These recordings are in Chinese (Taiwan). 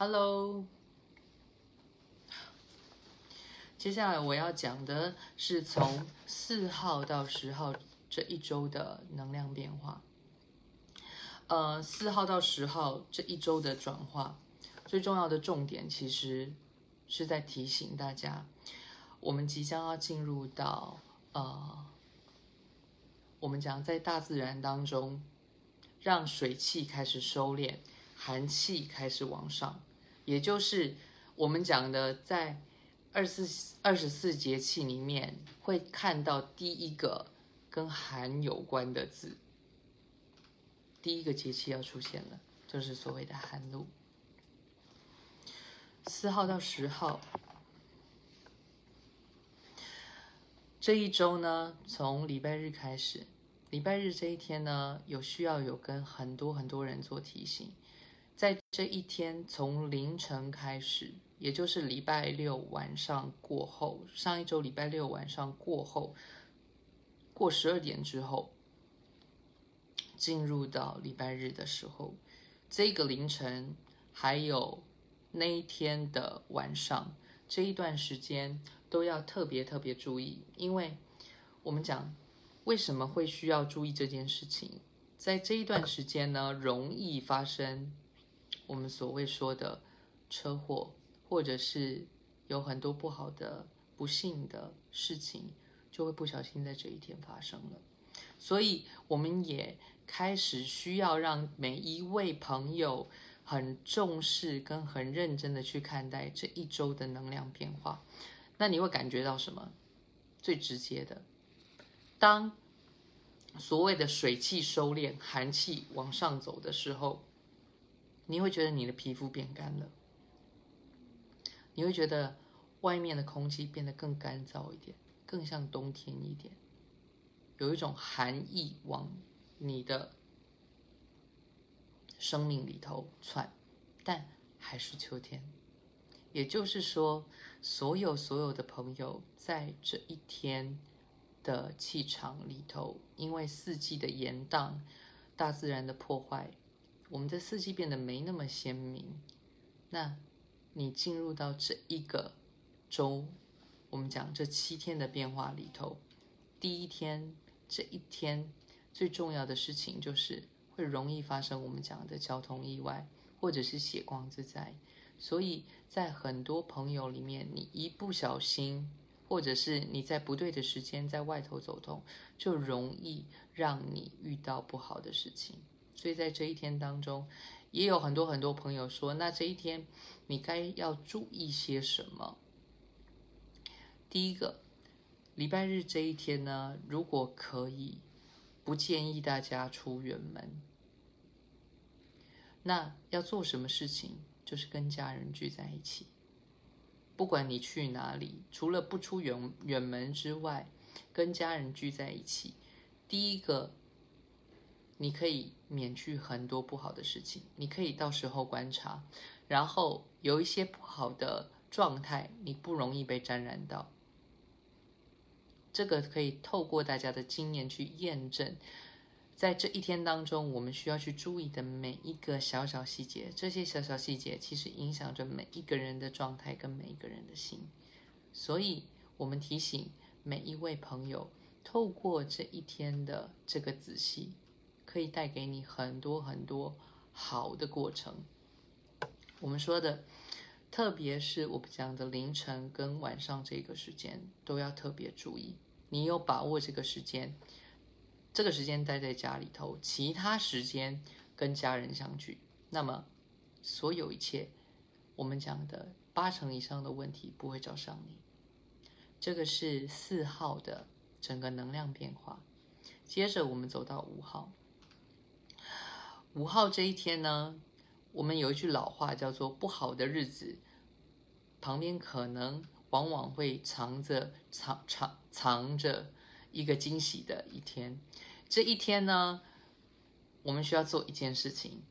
Hello，接下來我要講的是從四號到十號這一周的能量變化。呃，四號到十號這一周的轉化，最重要的重點其實是在提醒大家，我們即將要進入到呃，我們講在大自然當中，讓水氣開始收斂，寒氣開始往上。也就是我們講的，在二四二十四節氣裡面，會看到第一個跟寒有關的字，第一個節氣要出現了，就是所謂的寒露。四號到十號，這一周呢，從禮拜日開始，禮拜日這一天呢，有需要有跟很多很多人做提醒。在這一天，從凌晨開始，也就是禮拜六晚上過後，上一週禮拜六晚上過後，過十二點之後，進入到禮拜日的時候，這個凌晨還有那一天的晚上這一段時間都要特別特別注意，因為，我們講，為什麼會需要注意這件事情？在這一段時間呢，容易發生。我們所謂說的車禍，或者是有很多不好的、不幸的事情，就會不小心在這一天發生了。所以，我們也開始需要讓每一位朋友很重視、跟很認真的去看待這一周的能量變化。那你會感覺到什麼？最直接的，當所謂的水氣收斂、寒氣往上走的時候。你會覺得你的皮膚變乾了，你會覺得外面的空氣變得更乾燥一點，更像冬天一點，有一種寒意往你的生命裡頭竄，但還是秋天。也就是說，所有所有的朋友在這一天的氣場裡頭，因為四季的延宕，大自然的破壞。我們的四季變得沒那麼鮮明。那，你進入到這一個周，我們講這七天的變化裡頭，第一天這一天最重要的事情就是會容易發生我們講的交通意外或者是血光之災。所以在很多朋友裡面，你一不小心，或者是你在不對的時間在外頭走動，就容易讓你遇到不好的事情。所以在這一天當中，也有很多很多朋友說，那這一天你該要注意些什麼？第一個，禮拜日這一天呢，如果可以，不建議大家出遠門。那要做什麼事情？就是跟家人聚在一起，不管你去哪裡，除了不出遠遠門之外，跟家人聚在一起。第一個。你可以免去很多不好的事情。你可以到時候觀察，然後有一些不好的狀態，你不容易被沾染到。這個可以透過大家的經驗去驗證。在這一天當中，我們需要去注意的每一個小小細節，這些小小細節其實影響着每一個人的狀態跟每一個人的心。所以，我們提醒每一位朋友，透過這一天的這個仔細。會帶給你很多很多好的過程。我們說的，特別是我們講的凌晨跟晚上這個時間，都要特別注意。你有把握這個時間，這個時間待在家裡頭，其他時間跟家人相聚，那麼所有一切，我們講的八成以上的問題不會找上你。這個是四號的整個能量變化。接着我們走到五號。五號這一天呢，我們有一句老話叫做“不好的日子”，旁邊可能往往會藏着藏藏藏着一個驚喜的一天。這一天呢，我們需要做一件事情。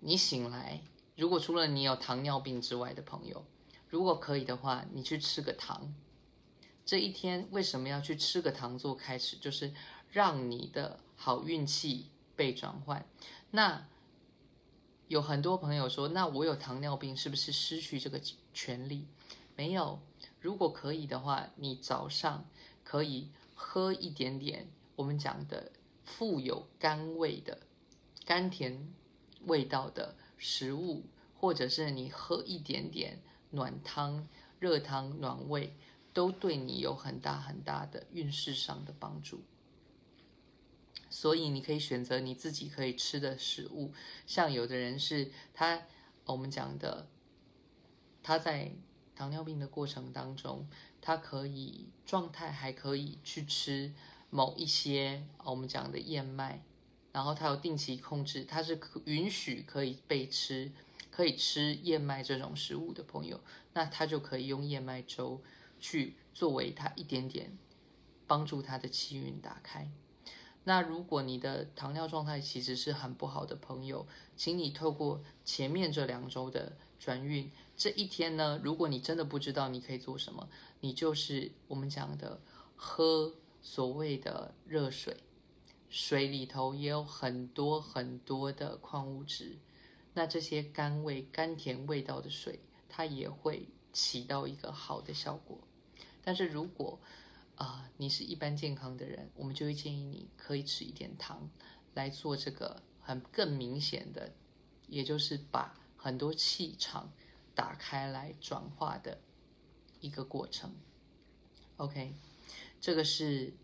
你醒來，如果除了你有糖尿病之外的朋友，如果可以的話，你去吃個糖。這一天為什麼要去吃個糖做開始？就是讓你的好運氣被轉換，那有很多朋友說：“那我有糖尿病，是不是失去這個權利？”沒有，如果可以的話，你早上可以喝一點點我們講的富有甘味的甘甜味道的食物，或者是你喝一點點暖湯、熱湯、暖胃，都對你有很大很大的運勢上的幫助。所以你可以選擇你自己可以吃的食物，像有的人是他，我們講的，他在糖尿病的過程當中，他可以狀態還可以去吃某一些我們講的燕麥，然後他有定期控制，他是可允許可以被吃，可以吃燕麥這種食物的朋友，那他就可以用燕麥粥去作為他一點點幫助他的氣運打開。那如果你的糖尿狀態其實是很不好的朋友，請你透過前面這兩週的轉運，這一天呢，如果你真的不知道你可以做什麼，你就是我們講的喝所謂的熱水，水裡頭也有很多很多的礦物質，那這些甘味、甘甜味道的水，它也會起到一個好的效果，但是如果。啊，你是一般健康的人，我們就會建議你可以吃一點糖，來做這個很更明顯的，也就是把很多氣場打開來轉化的一個過程。OK，這個是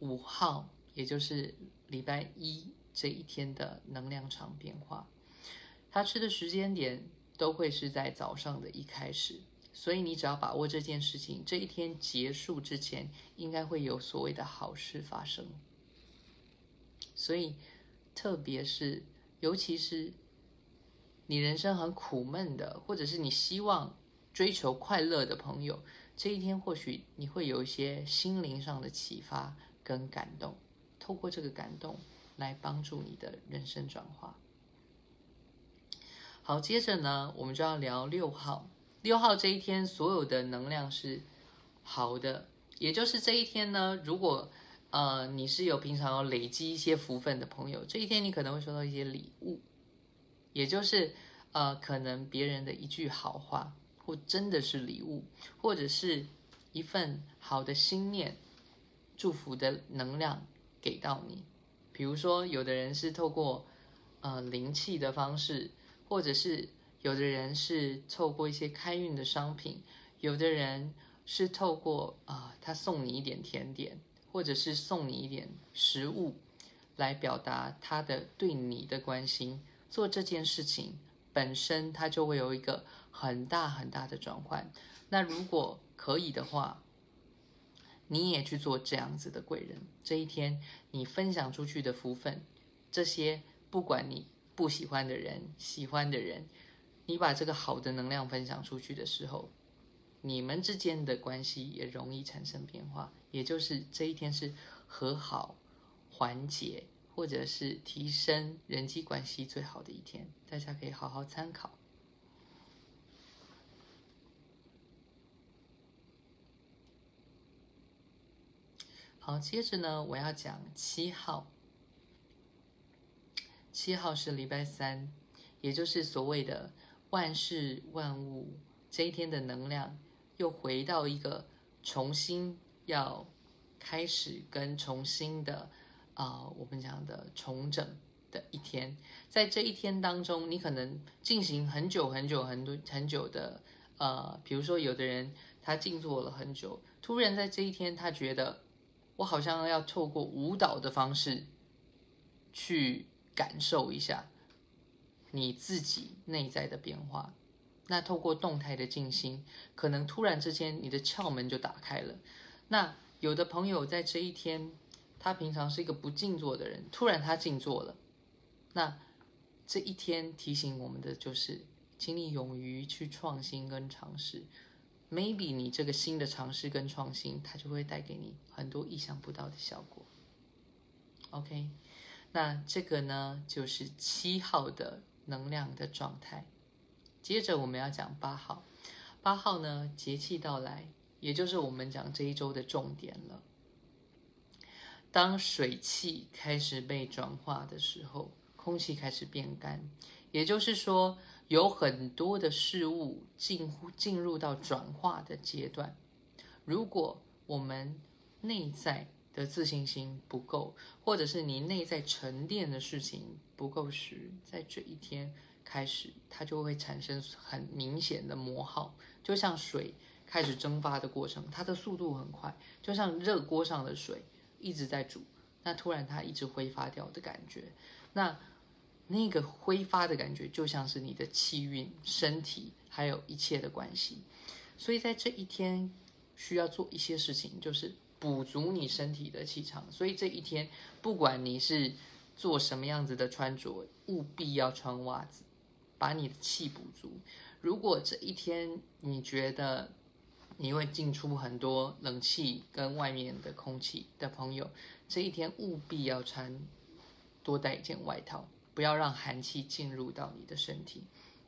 五號，也就是禮拜一這一天的能量場變化。他吃的時間點都會是在早上的一開始。所以你只要把握這件事情，這一天結束之前，應該會有所謂的好事發生。所以，特別是，尤其是你人生很苦悶的，或者是你希望追求快樂的朋友，這一天或許你會有一些心靈上的啟發跟感動，透過這個感動來幫助你的人生轉化。好，接着呢，我們就要聊六號。六號這一天，所有的能量是好的，也就是這一天呢，如果呃你是有平常要累積一些福分的朋友，這一天你可能會收到一些禮物，也就是呃可能別人的一句好話，或真的是禮物，或者是一份好的心念祝福的能量給到你，比如說有的人是透過呃靈氣的方式，或者是。有的人是透過一些開運的商品，有的人是透過啊，他送你一點甜點，或者是送你一點食物，來表達他的對你的關心。做這件事情本身，他就會有一個很大很大的轉換。那如果可以的話，你也去做這樣子的貴人。這一天你分享出去的福分，這些不管你不喜歡的人、喜歡的人，你把這個好的能量分享出去的時候，你們之間的關係也容易產生變化，也就是這一天是和好、緩解或者是提升人際關係最好的一天，大家可以好好參考。好，接着呢，我要講七號，七號是禮拜三，也就是所謂的。萬事萬物，這一天的能量又回到一個重新要開始跟重新的啊、呃，我們講的重整的一天。在這一天當中，你可能進行很久很久很、很多很久的呃，比如說有的人他靜坐了很久，突然在這一天，他覺得我好像要透過舞蹈的方式去感受一下。你自己內在的變化，那透過動態的靜心，可能突然之間你的竅門就打開了。那有的朋友在這一天，他平常是一個不靜坐的人，突然他靜坐了。那這一天提醒我們的就是，請你勇於去創新跟嘗試。Maybe 你這個新的嘗試跟創新，它就會帶給你很多意想不到的效果。OK，那這個呢就是七號的。能量的狀態。接着我們要講八號，八號呢，節氣到來，也就是我們講這一周的重點了。當水汽開始被轉化的時候，空氣開始變乾，也就是說有很多的事物近乎進入到轉化的階段。如果我們內在，的自信心不夠，或者是你內在沉澱的事情不夠時，在這一天開始，它就會產生很明顯的磨耗，就像水開始蒸發的過程，它的速度很快，就像熱鍋上的水一直在煮，那突然它一直揮發掉的感覺，那那個揮發的感覺就像是你的氣運、身體還有一切的關係，所以在這一天需要做一些事情，就是。補足你身體的氣場，所以這一天不管你是做什麼樣子的穿着，務必要穿襪子，把你的氣補足。如果這一天你覺得你會進出很多冷氣跟外面的空氣的朋友，這一天務必要穿多帶一件外套，不要讓寒氣進入到你的身體。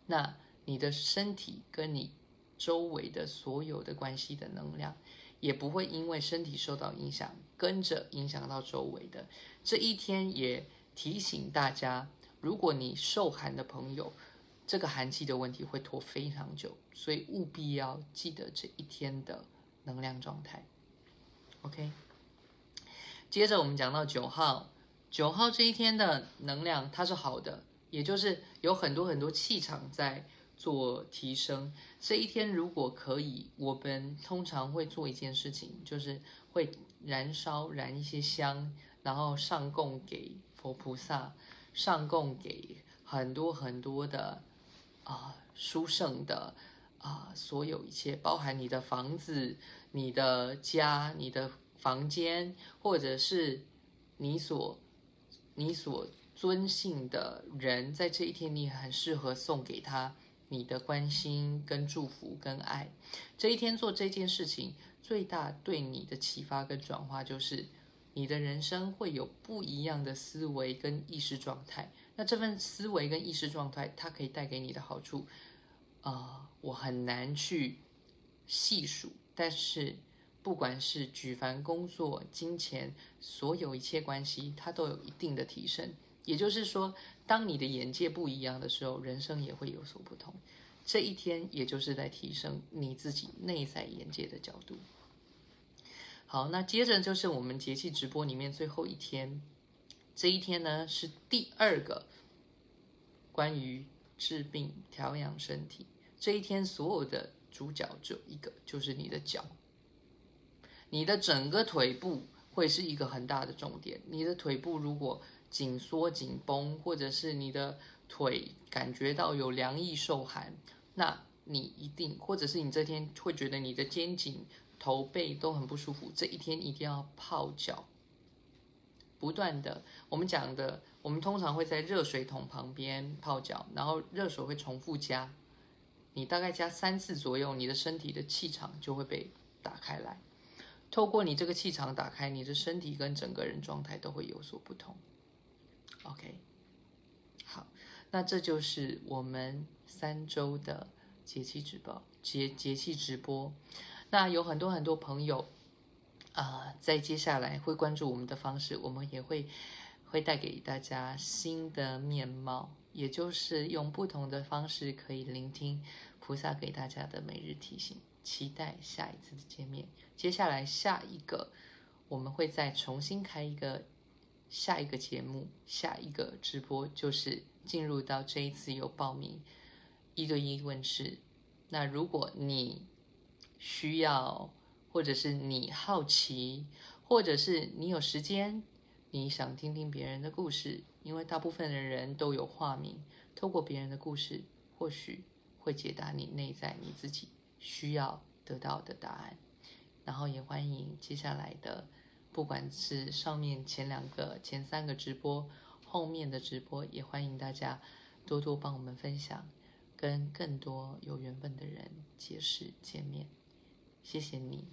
那你的身體跟你周圍的所有的關係的能量。也不會因為身體受到影響，跟着影響到周圍的。這一天也提醒大家，如果你受寒的朋友，這個寒氣的問題會拖非常久，所以務必要記得這一天的能量狀態。OK，接着我們講到九號，九號這一天的能量它是好的，也就是有很多很多氣場在。做提升。這一天，如果可以，我們通常會做一件事情，就是會燃燒燃一些香，然後上供給佛菩薩，上供給很多很多的啊殊勝的啊所有一切，包含你的房子、你的家、你的房間，或者是你所你所尊信的人，在這一天，你很適合送給他。你的關心跟祝福跟愛，這一天做這件事情，最大對你的啟發跟轉化就是，你的人生會有不一樣的思維跟意識狀態。那這份思維跟意識狀態，它可以帶給你的好處，啊、呃，我很難去細數。但是，不管是舉凡工作、金錢，所有一切關係，它都有一定的提升。也就是說，當你的眼界不一樣的時候，人生也會有所不同。這一天，也就是在提升你自己內在眼界的角度。好，那接着就是我們節氣直播裡面最後一天，這一天呢，是第二個關於治病調養身體。這一天所有的主角只有一個，就是你的腳，你的整個腿部會是一個很大的重點。你的腿部如果，緊縮、緊繃，或者是你的腿感覺到有涼意、受寒，那你一定，或者是你這天會覺得你的肩頸、頭背都很不舒服，這一天一定要泡腳。不斷的，我們講的，我們通常會在熱水桶旁邊泡腳，然後熱水會重複加，你大概加三次左右，你的身體的氣場就會被打開來。透過你這個氣場打開，你的身體跟整個人狀態都會有所不同。OK，好，那這就是我們三周的節氣直播，節、節氣直播。那有很多很多朋友，啊、呃，在接下來會關注我們的方式，我們也會會帶給大家新的面貌，也就是用不同的方式可以聆聽菩薩給大家的每日提醒。期待下一次的見面。接下來下一個，我們會再重新開一個。下一個節目，下一個直播就是進入到這一次有報名一對一問事，那如果你需要，或者是你好奇，或者是你有時間，你想聽聽別人的故事，因為大部分的人都有化名，透過別人的故事，或許會解答你內在你自己需要得到的答案。然後也歡迎接下來的。不管是上面前兩個、前三個直播，後面的直播也歡迎大家多多幫我們分享，跟更多有緣分的人結識見面。謝謝你。